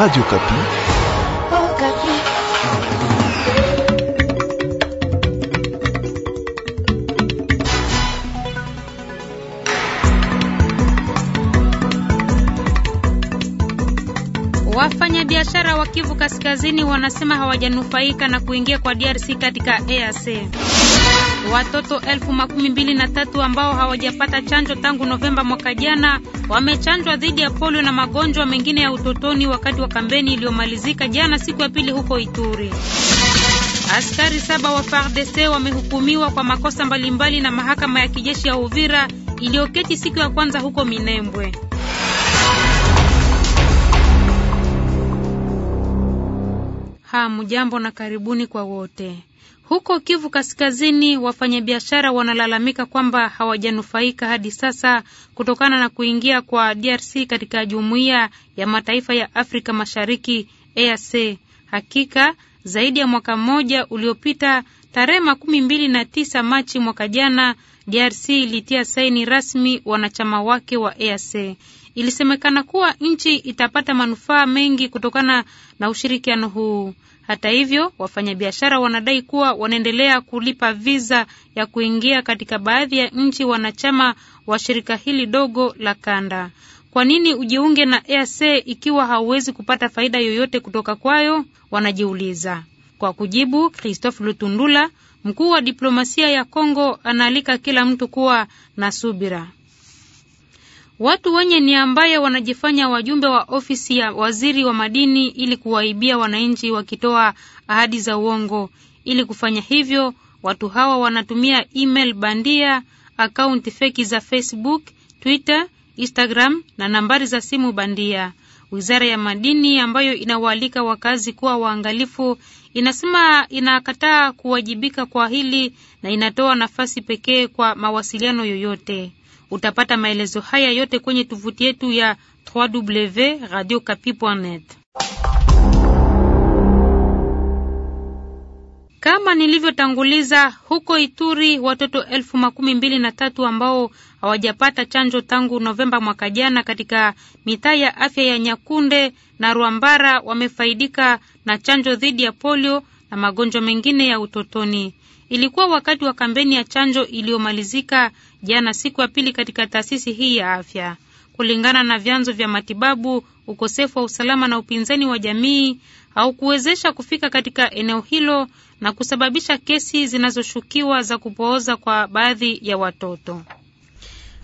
Radio Kapi. Oh, Kapi. Wafanyabiashara wa Kivu Kaskazini wanasema hawajanufaika na kuingia kwa DRC katika EAC. Watoto elfu makumi mbili na tatu ambao hawajapata chanjo tangu Novemba mwaka jana wamechanjwa dhidi ya polio na magonjwa mengine ya utotoni wakati wa kampeni iliyomalizika jana siku ya pili huko Ituri. Askari saba wa FARDC wamehukumiwa kwa makosa mbalimbali na mahakama ya kijeshi ya Uvira iliyoketi siku ya kwanza huko Minembwe. Hamjambo na karibuni kwa wote. Huko Kivu Kaskazini, wafanyabiashara wanalalamika kwamba hawajanufaika hadi sasa kutokana na kuingia kwa DRC katika jumuiya ya mataifa ya Afrika Mashariki, EAC. Hakika zaidi ya mwaka mmoja uliopita, tarehe makumi mbili na tisa Machi mwaka jana, DRC ilitia saini rasmi wanachama wake wa EAC. Ilisemekana kuwa nchi itapata manufaa mengi kutokana na ushirikiano huu. Hata hivyo, wafanyabiashara wanadai kuwa wanaendelea kulipa viza ya kuingia katika baadhi ya nchi wanachama wa shirika hili dogo la kanda. Kwa nini ujiunge na EAC ikiwa hauwezi kupata faida yoyote kutoka kwayo? Wanajiuliza. Kwa kujibu, Christophe Lutundula, mkuu wa diplomasia ya Kongo, anaalika kila mtu kuwa na subira. Watu wenye ni ambaye wanajifanya wajumbe wa ofisi ya waziri wa madini ili kuwaibia wananchi wakitoa ahadi za uongo. Ili kufanya hivyo, watu hawa wanatumia email bandia, akaunti feki za Facebook, Twitter, Instagram na nambari za simu bandia. Wizara ya madini ambayo inawaalika wakazi kuwa waangalifu inasema inakataa kuwajibika kwa hili na inatoa nafasi pekee kwa mawasiliano yoyote. Utapata maelezo haya yote kwenye tovuti yetu ya www.radiokapi.net. Kama nilivyotanguliza, huko Ituri watoto elfu makumi mbili na tatu ambao hawajapata chanjo tangu Novemba mwaka jana katika mitaa ya afya ya Nyakunde na Rwambara wamefaidika na chanjo dhidi ya polio na magonjwa mengine ya utotoni. Ilikuwa wakati wa kampeni ya chanjo iliyomalizika jana siku ya pili katika taasisi hii ya afya. Kulingana na vyanzo vya matibabu, ukosefu wa usalama na upinzani wa jamii haukuwezesha kufika katika eneo hilo na kusababisha kesi zinazoshukiwa za kupooza kwa baadhi ya watoto.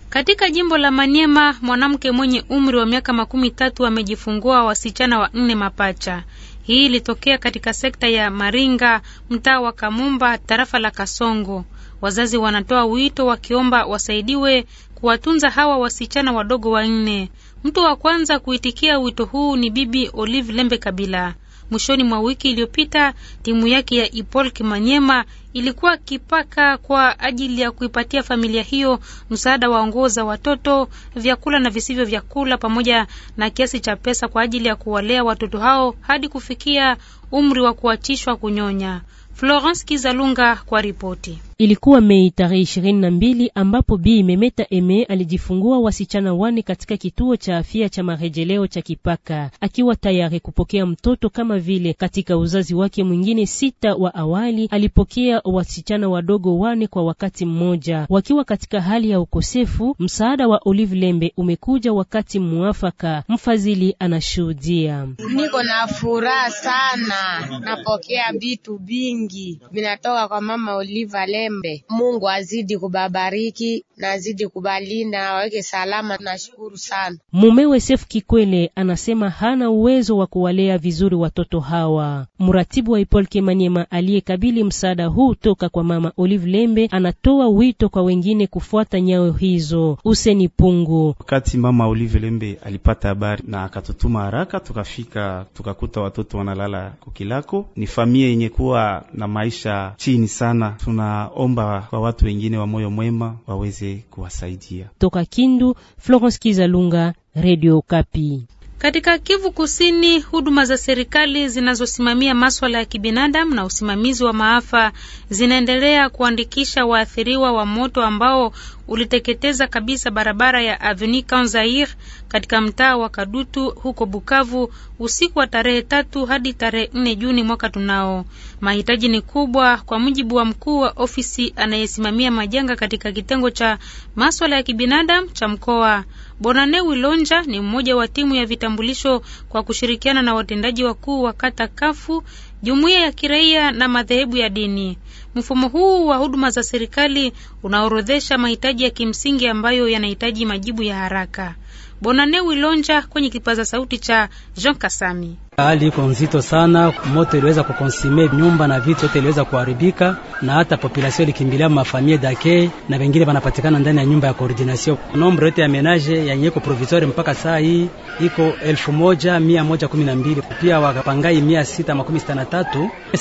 Katika jimbo la Maniema, mwanamke mwenye umri wa miaka makumi tatu amejifungua wasichana wanne mapacha. Hii ilitokea katika sekta ya Maringa, mtaa wa Kamumba, tarafa la Kasongo. Wazazi wanatoa wito wakiomba wasaidiwe kuwatunza hawa wasichana wadogo wanne. Mtu wa kwanza kuitikia wito huu ni Bibi Olive Lembe Kabila. Mwishoni mwa wiki iliyopita timu yake ya Ipol Manyema ilikuwa kipaka kwa ajili ya kuipatia familia hiyo msaada wa nguo za watoto, vyakula na visivyo vyakula, pamoja na kiasi cha pesa kwa ajili ya kuwalea watoto hao hadi kufikia umri wa kuachishwa kunyonya. Florence Kizalunga kwa ripoti. Ilikuwa Mei tarehe ishirini na mbili ambapo Bi Memeta Eme alijifungua wasichana wane katika kituo cha afya cha marejeleo cha Kipaka, akiwa tayari kupokea mtoto kama vile katika uzazi wake mwingine sita wa awali alipokea wasichana wadogo wane kwa wakati mmoja, wakiwa katika hali ya ukosefu. Msaada wa Olive Lembe umekuja wakati muafaka, mfadhili anashuhudia. Niko na furaha sana, napokea vitu vingi vinatoka kwa mama Olive Lembe. Pembe. Mungu azidi kubabariki na azidi kubalinda, waweke salama. Nashukuru sana. Mumewe Sefu Kikwele anasema hana uwezo wa kuwalea vizuri watoto hawa. Mratibu wa Ipolke Manyema aliyekabili msaada huu toka kwa Mama Olive Lembe anatoa wito kwa wengine kufuata nyayo hizo. Useni Pungu, wakati Mama Olive Lembe alipata habari na akatutuma haraka, tukafika tukakuta watoto wanalala kukilako. Ni familia yenye kuwa na maisha chini sana, tuna omba kwa watu wengine wa moyo mwema waweze kuwasaidia. Toka Kindu, Florence Kizalunga, Radio Kapi. Katika Kivu Kusini, huduma za serikali zinazosimamia maswala ya kibinadamu na usimamizi wa maafa zinaendelea kuandikisha waathiriwa wa moto ambao uliteketeza kabisa barabara ya Avenue Kanzair katika mtaa wa Kadutu huko Bukavu usiku wa tarehe tatu hadi tarehe nne Juni mwaka tunao. Mahitaji ni kubwa kwa mujibu wa mkuu wa ofisi anayesimamia majanga katika kitengo cha maswala ya kibinadamu cha mkoa. Bonane Lonja ni mmoja wa timu ya vitambulisho kwa kushirikiana na watendaji wakuu wa kata Kafu jumuiya ya kiraia na madhehebu ya dini. Mfumo huu wa huduma za serikali unaorodhesha mahitaji ya kimsingi ambayo yanahitaji majibu ya haraka. Bonane Wilonja kwenye kipaza sauti cha Jean Kasami. Hali iko nzito sana, moto iliweza kukonsime nyumba na vitu yote iliweza kuharibika, na hata population ilikimbilia mafamie dake, na wengine wanapatikana ndani ya nyumba ya coordination. Nombre yote ya menage nyeko provisoire mpaka saa hii iko 1112 pia wakapangai mia Sasa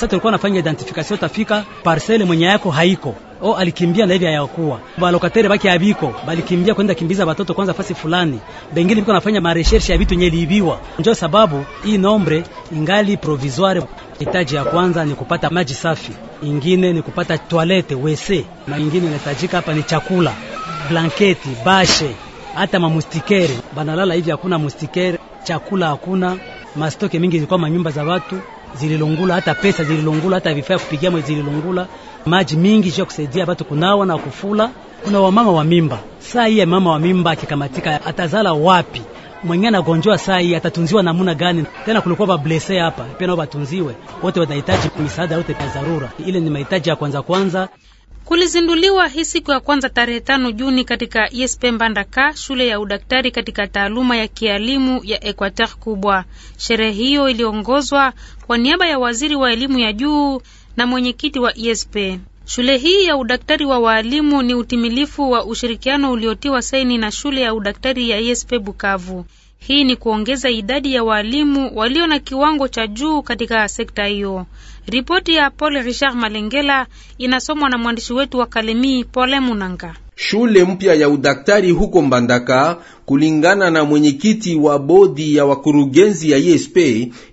tulikuwa nafanya identification, utafika parcele mwenye yako haiko o oh, alikimbia na hivi hayakuwa balokatere baki abiko balikimbia kwenda kimbiza batoto kwanza fasi fulani, bengine biko nafanya mareshershe ya vitu nyeliibiwa. Njo sababu hii nombre ingali provisoire. Hitaji ya kwanza ni kupata maji safi, ingine ni kupata toilette wese, na ingine inahitajika hapa ni chakula, blanketi, bashe, hata mamustikere banalala hivi, hakuna mustikere, chakula hakuna, mastoke mingi zilikuwa manyumba za watu zililongula hata pesa, zililongula hata vifaa kupigia mwezi zililongula maji mingi ya kusaidia watu kunawa na kufula. Kuna wamama wa mimba, saa hii mama wa mimba akikamatika atazala wapi? Mwenye anagonjwa saa hii atatunziwa namna gani? Tena kulikuwa blesse hapa pia nao batunziwe, wote wanahitaji misaada yote ya dharura. Ile ni mahitaji ya kwanza kwanza. Kulizinduliwa hii siku ya kwanza tarehe tano Juni katika ISP Mbandaka shule ya udaktari katika taaluma ya kialimu ya Equateur kubwa. Sherehe hiyo iliongozwa kwa niaba ya waziri wa elimu ya juu na mwenyekiti wa ISP. Shule hii ya udaktari wa waalimu ni utimilifu wa ushirikiano uliotiwa saini na shule ya udaktari ya ISP Bukavu. Hii ni kuongeza idadi ya waalimu walio na kiwango cha juu katika sekta hiyo. Ripoti ya Paul Richard Malengela inasomwa na mwandishi wetu wa kalemi Pole Munanga. Shule mpya ya udaktari huko Mbandaka, kulingana na mwenyekiti wa bodi ya wakurugenzi ya ISP,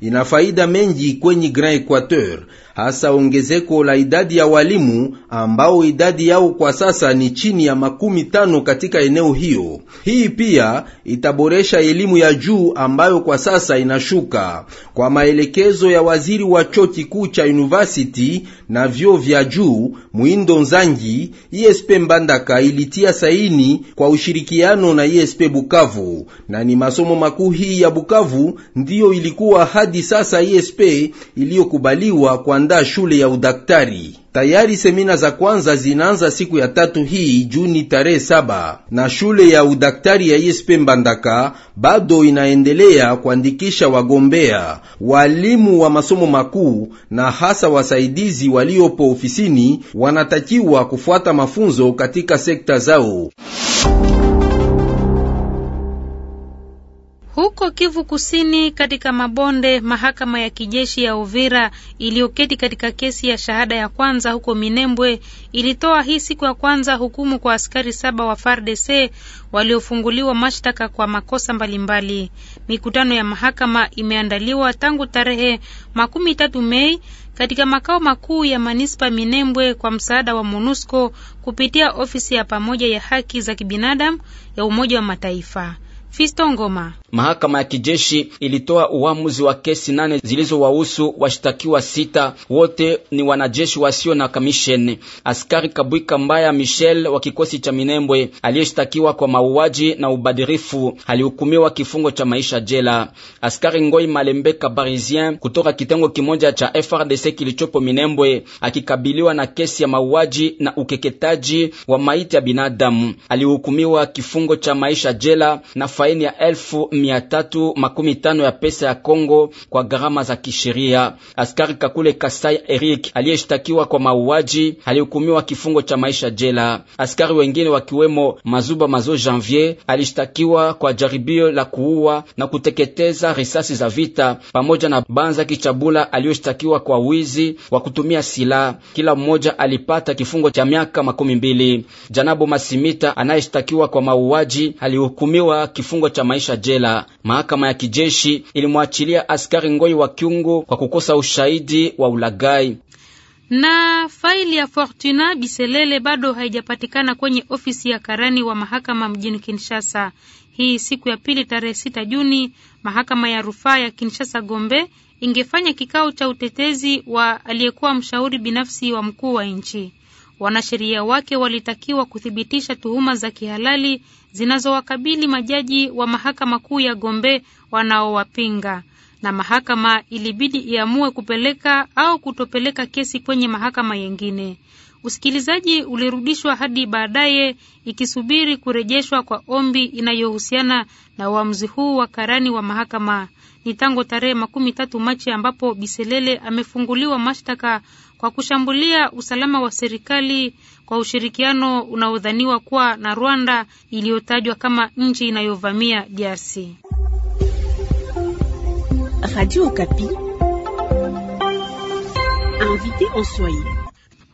ina faida mengi kwenye Grand Equateur hasa ongezeko la idadi ya walimu ambao idadi yao kwa sasa ni chini ya makumi tano katika eneo hiyo. Hii pia itaboresha elimu ya juu ambayo kwa sasa inashuka. Kwa maelekezo ya waziri wa chuo kikuu cha university na vyuo vya juu Muindo Nzangi, ISP e Mbandaka ilitia saini kwa ushirikiano na ISP e Bukavu, na ni masomo makuu hii ya Bukavu ndiyo ilikuwa hadi sasa ISP e iliyokubaliwa kwa kuandaa shule ya udaktari. Tayari semina za kwanza zinaanza siku ya tatu hii Juni tarehe saba, na shule ya udaktari ya ISP Mbandaka bado inaendelea kuandikisha wagombea walimu wa masomo makuu, na hasa wasaidizi waliopo ofisini wanatakiwa kufuata mafunzo katika sekta zao. Huko Kivu Kusini, katika mabonde, mahakama ya kijeshi ya Uvira iliyoketi katika kesi ya shahada ya kwanza huko Minembwe ilitoa hii siku ya kwanza hukumu kwa askari saba wa FARDC waliofunguliwa mashtaka kwa makosa mbalimbali. Mikutano ya mahakama imeandaliwa tangu tarehe makumi tatu Mei katika makao makuu ya manispa Minembwe kwa msaada wa MONUSCO kupitia ofisi ya pamoja ya haki za kibinadamu ya Umoja wa Mataifa. Fisto Ngoma. Mahakama ya kijeshi ilitoa uamuzi wa kesi nane zilizowahusu washtakiwa sita, wote ni wanajeshi wasio na kamisheni. Askari Kabwika Mbaya Michel wa kikosi cha Minembwe aliyeshtakiwa kwa mauaji na ubadhirifu alihukumiwa kifungo cha maisha jela. Askari Ngoi Malembe Kabarizien kutoka kitengo kimoja cha FRDC kilichopo Minembwe akikabiliwa na kesi ya mauaji na ukeketaji wa maiti ya binadamu alihukumiwa kifungo cha maisha jela na faini ya elfu mia tatu makumi tano ya pesa ya Kongo kwa gharama za kisheria. Askari Kakule Kasai Eric aliyeshtakiwa kwa mauaji alihukumiwa kifungo cha maisha jela. Askari wengine wakiwemo Mazuba Mazo Janvier alishtakiwa kwa jaribio la kuua na kuteketeza risasi za vita, pamoja na Banza Kichabula aliyeshtakiwa kwa wizi wa kutumia silaha. Kila mmoja alipata kifungo cha miaka makumi mbili. Janabu Masimita anayeshtakiwa kwa mauaji alihukumiwa kifungo kifungo cha maisha jela. Mahakama ya kijeshi ilimwachilia askari Ngoi wa Kyungu kwa kukosa ushahidi wa ulagai. Na faili ya Fortuna Biselele bado haijapatikana kwenye ofisi ya karani wa mahakama mjini Kinshasa. Hii siku ya pili tarehe sita Juni, mahakama ya rufaa ya Kinshasa Gombe ingefanya kikao cha utetezi wa aliyekuwa mshauri binafsi wa mkuu wa nchi. Wanasheria wake walitakiwa kuthibitisha tuhuma za kihalali zinazowakabili majaji wa mahakama kuu ya Gombe wanaowapinga, na mahakama ilibidi iamue kupeleka au kutopeleka kesi kwenye mahakama yengine. Usikilizaji ulirudishwa hadi baadaye ikisubiri kurejeshwa kwa ombi inayohusiana na uamuzi huu wa karani wa mahakama. Ni tangu tarehe makumi tatu Machi ambapo Biselele amefunguliwa mashtaka kwa kushambulia usalama wa serikali kwa ushirikiano unaodhaniwa kuwa na Rwanda iliyotajwa kama nchi inayovamia DRC. Radio Okapi invité en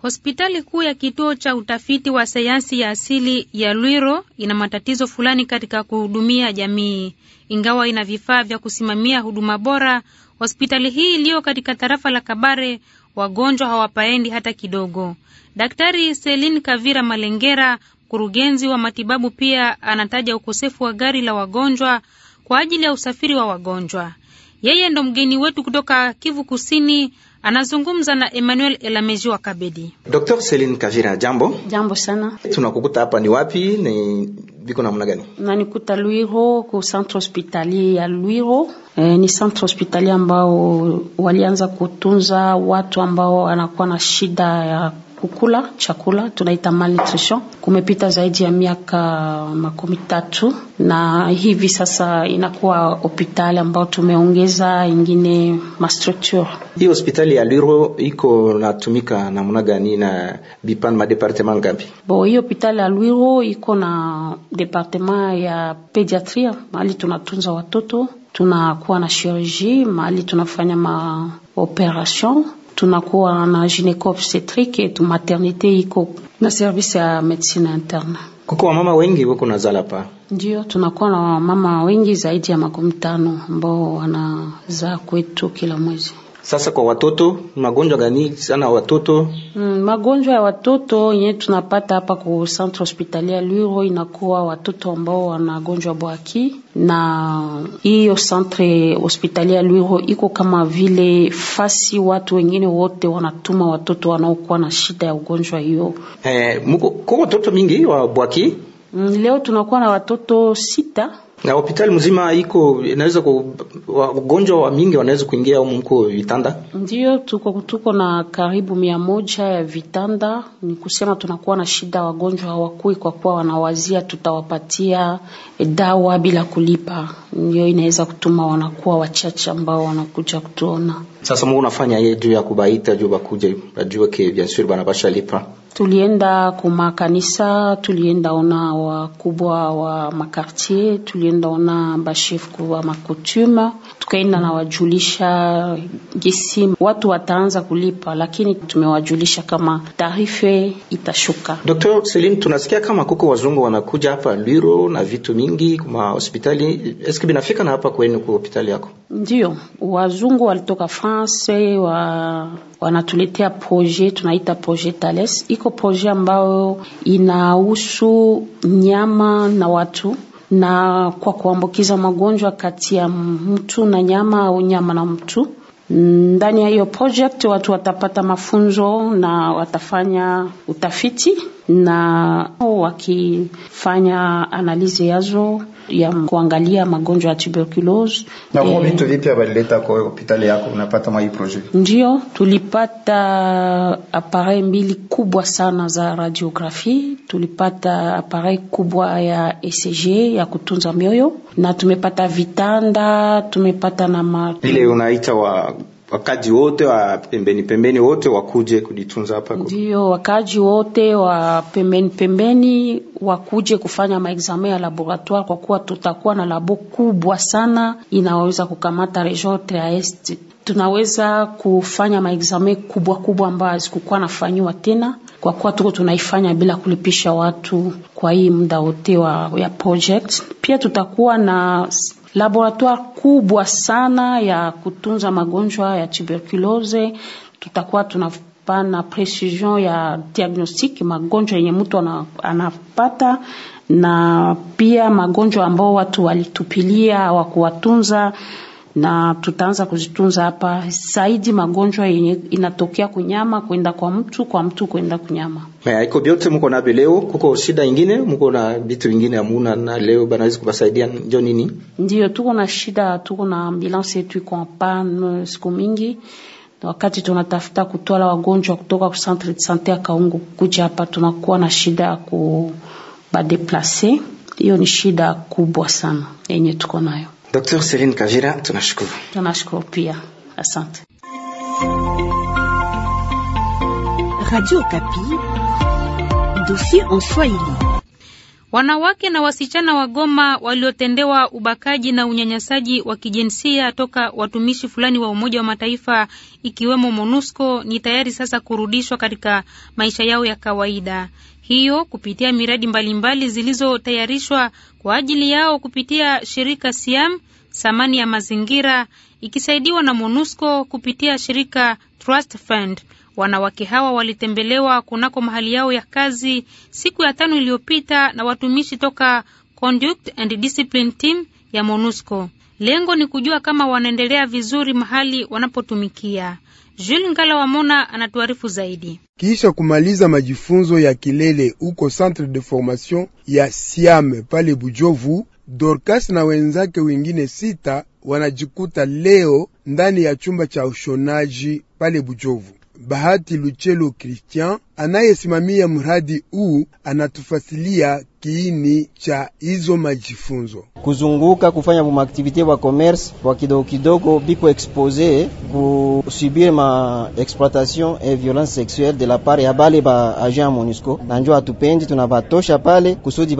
Hospitali kuu ya kituo cha utafiti wa sayansi ya asili ya Lwiro ina matatizo fulani katika kuhudumia jamii. Ingawa ina vifaa vya kusimamia huduma bora, hospitali hii iliyo katika tarafa la Kabare, wagonjwa hawapaendi hata kidogo. Daktari selin Kavira Malengera, mkurugenzi wa matibabu, pia anataja ukosefu wa gari la wagonjwa kwa ajili ya usafiri wa wagonjwa. Yeye ndo mgeni wetu kutoka Kivu Kusini Anazungumza na Emmanuel Elameji wa Kabedi. Dr. Celine Kavira, jambo. Jambo sana. Tunakukuta hapa ni wapi? Ni viko namna gani? Nanikuta Lwiro ku centre hospitalier ya Lwiro. E, ni centre hospitalier ambao walianza kutunza watu ambao wanakuwa na shida ya kukula chakula tunaita malnutrition. Kumepita zaidi ya miaka makumi tatu na hivi sasa inakuwa hospitali ambao tumeongeza ingine mastructure. Hii hospitali ya Lwiro iko natumika namna gani na bipan ma departement ngapi? Bo, hii hospitali ya Lwiro iko na departement ya pediatria mahali tunatunza watoto, tunakuwa na chirurgie mahali tunafanya maoperation tunakuwa na gineko obstetrique tu maternite iko na service ya medicine interne. Kuko wamama wengi na zala pa ndio tunakuwa na wamama wengi zaidi ya makumi tano ambao wanazaa kwetu kila mwezi. Sasa kwa watoto magonjwa gani sana watoto? Mm, magonjwa ya watoto yenye tunapata hapa ku centre hospitalier Luro inakuwa watoto ambao wanagonjwa bwaki, na hiyo centre hospitalier Luro iko kama vile fasi watu wengine wote wanatuma watoto wanaokuwa na shida ya ugonjwa hiyo. Eh, muko kwa watoto mingi wa bwaki Mm, leo tunakuwa na watoto sita na hospitali mzima iko inaweza wagonjwa wa mingi wanaweza kuingia au mko vitanda? Ndio, tuko tuko na karibu mia moja ya vitanda. Ni kusema tunakuwa na shida, wagonjwa hawakui kwa kuwa wanawazia tutawapatia dawa bila kulipa, ndio inaweza kutuma wanakuwa wachache ambao wanakuja kutuona. Sasa Mungu unafanya yeye juu ya kubaita juu bakuja bajue ke bien sur banapasha lipa Tulienda kumakanisa, tulienda ona wakubwa wa makartier, tulienda ona bashefu wa makutuma, tukaenda na wajulisha gisi watu wataanza kulipa, lakini tumewajulisha kama tarife itashuka. Dr. Celine, tunasikia kama kuko wazungu wanakuja hapa Lwiro na vitu mingi kuma hospitali, eske binafika na hapa kwenu ku hospitali yako? Ndio, wazungu walitoka France wa wanatuletea proje tunaita proje Tales. Iko proje ambayo inahusu nyama na watu na kwa kuambukiza magonjwa kati ya mtu na nyama au nyama na mtu. Ndani ya hiyo project watu watapata mafunzo na watafanya utafiti na wakifanya analizi yazo ya kuangalia magonjwa ya tuberculose na kwa eh, vitu vipi walileta kwa hospitali yako, unapata mai project? Ndio tulipata appareil mbili kubwa sana za radiografi tulipata appareil kubwa ya ECG ya kutunza mioyo, na tumepata vitanda, tumepata na ile unaita wa wakaji wote wa pembeni pembeni wote wakuje kujitunza hapa, ndio wakaji wote wa pembeni pembeni wakuje kufanya maexame ya laboratoire, kwa kuwa tutakuwa na labo kubwa sana inaweza kukamata region ya Est. Tunaweza kufanya maexame kubwa kubwa ambayo hazikukuwa nafanyiwa tena, kwa kuwa tuko tunaifanya bila kulipisha watu kwa hii muda wote wa ya project. Pia tutakuwa na laboratoire kubwa sana ya kutunza magonjwa ya tuberculose. Tutakuwa tunapana precision ya diagnostic magonjwa yenye mtu anapata na pia magonjwa ambao watu walitupilia kuwatunza na tutaanza kuzitunza hapa zaidi magonjwa yenye inatokea kunyama kwenda kwa mtu kwa mtu kwenda kunyama. Haya, iko vyote mko nabyo leo. Kuko shida ingine mko na vitu vingine amuna na leo banaweza kubasaidia njo nini? Ndio, tuko na shida, tuko na ambulance yetu iko pan siku mingi wakati tunatafuta kutwala wagonjwa kutoka ku centre de sante ya Kaungu kuja hapa, tunakuwa na shida ya kubadeplase. Hiyo ni shida kubwa sana yenye tuko nayo. Dr. Celine Kavira, tunashukuru. Tunashukuru pia. Asante. Radio Kapi, dossier en Swahili. Wanawake na wasichana wa Goma waliotendewa ubakaji na unyanyasaji wa kijinsia toka watumishi fulani wa Umoja wa Mataifa ikiwemo MONUSCO ni tayari sasa kurudishwa katika maisha yao ya kawaida hiyo kupitia miradi mbalimbali zilizotayarishwa kwa ajili yao kupitia shirika Siam Samani ya Mazingira ikisaidiwa na MONUSCO kupitia shirika Trust Fund. Wanawake hawa walitembelewa kunako mahali yao ya kazi siku ya tano iliyopita na watumishi toka Conduct and Discipline Team ya MONUSCO. Lengo ni kujua kama wanaendelea vizuri mahali wanapotumikia. Jules Ngala Mona anatuarifu zaidi. Kisha kumaliza majifunzo ya kilele uko Centre de Formation ya Siame pale Bujovu, Dorcas na wenzake wengine sita wanajikuta leo ndani ya chumba cha ushonaji pale Bujovu. Bahati Luchelo Christian anayesimamia mradi huu anatufasilia kiini cha hizo majifunzo kuzunguka kufanya bumaaktivite bwa commerce bwa kidogo kidogo biko expose kusubire ma exploitation e violence sexuelle de la part ya bale ba agent ya MONUSCO na njo hatupendi, tunabatosha pale kusudi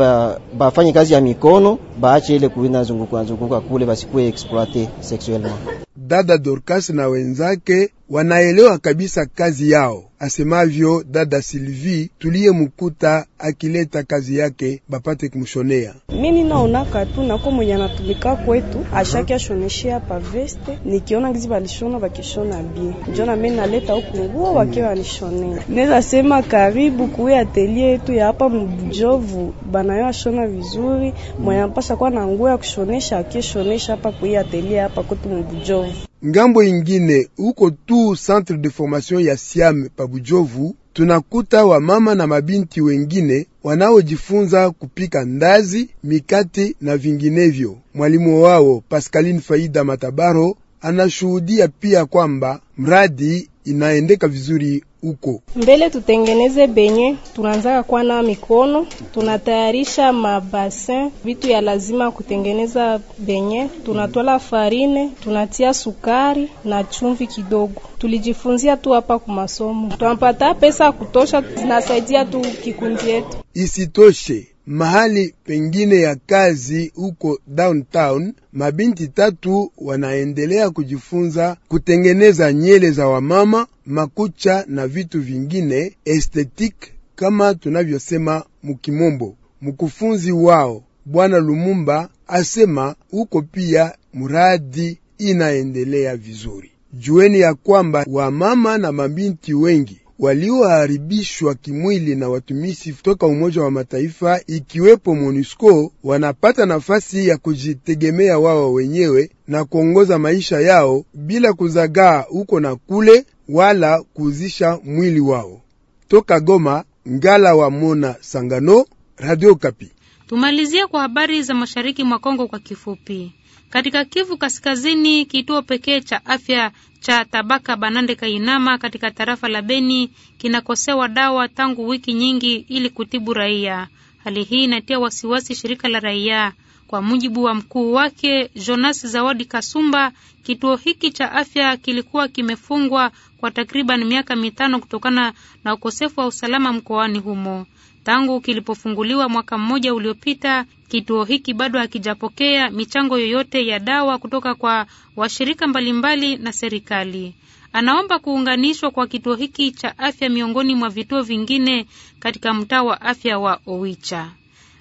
bafanye ba kazi ya mikono baache ile kuinazunguka zunguka kule basikuwe exploite sexuellement dada Dorcas na wenzake wanaelewa kabisa kazi yao asemavyo dada sylvie Silvi mukuta akileta kazi yake bapate kumshonea. Mimi naonaka tu nako mwenye anatumika kwetu ashaki ashoneshea pa veste, nikiona gizi balishona bakishona bie njona mimi naleta huku nguo hmm. wake wanishonea. Neza sema karibu kuya atelie yetu ya hapa Mbujovu, banayo ashona vizuri, mwenye anapasha kuwa na nguo ya kushonesha akishonesha hapa kuya atelie hapa kwetu Mbujovu. Ngambo ingine huko tu centre de formation ya Siam Pabujovu, tunakuta wamama na mabinti wengine wanaojifunza kupika ndazi, mikate na vinginevyo. Mwalimu wao Pascaline Faida Matabaro anashuhudia pia kwamba mradi inaendeka vizuri uko mbele. Tutengeneze benye tunaanzaka kwa na mikono, tunatayarisha mabasin, vitu ya lazima kutengeneza benye. Tunatwala farine, tunatia sukari na chumvi kidogo. Tulijifunzia tu hapa ku masomo, tunapata pesa kutosha, zinasaidia tu kikundi yetu isitoshe mahali pengine ya kazi huko downtown. Mabinti tatu wanaendelea kujifunza kutengeneza nyele za wamama, makucha na vitu vingine estetik, kama tunavyosema mukimombo. Mkufunzi wao Bwana Lumumba asema huko pia muradi inaendelea vizuri. Jueni ya kwamba wamama na mabinti wengi walioharibishwa kimwili na watumishi kutoka Umoja wa Mataifa ikiwepo MONUSCO wanapata nafasi ya kujitegemea wao wenyewe na kuongoza maisha yao bila kuzagaa huko na kule wala kuuzisha mwili wao. Toka Goma, Ngala wa Mona Sangano, Radio Kapi. Tumalizia kwa habari za mashariki mwa Kongo kwa kifupi. Katika Kivu Kaskazini, kituo pekee cha afya cha Tabaka Banande Kainama katika tarafa la Beni kinakosewa dawa tangu wiki nyingi ili kutibu raia. Hali hii inatia wasiwasi shirika la raia. Kwa mujibu wa mkuu wake Jonas Zawadi Kasumba, kituo hiki cha afya kilikuwa kimefungwa kwa takriban miaka mitano kutokana na ukosefu wa usalama mkoani humo. Tangu kilipofunguliwa mwaka mmoja uliopita, kituo hiki bado hakijapokea michango yoyote ya dawa kutoka kwa washirika mbalimbali na serikali. Anaomba kuunganishwa kwa kituo hiki cha afya miongoni mwa vituo vingine katika mtaa wa afya wa Owicha.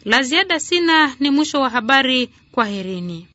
La ziada sina, ni mwisho wa habari. Kwaherini.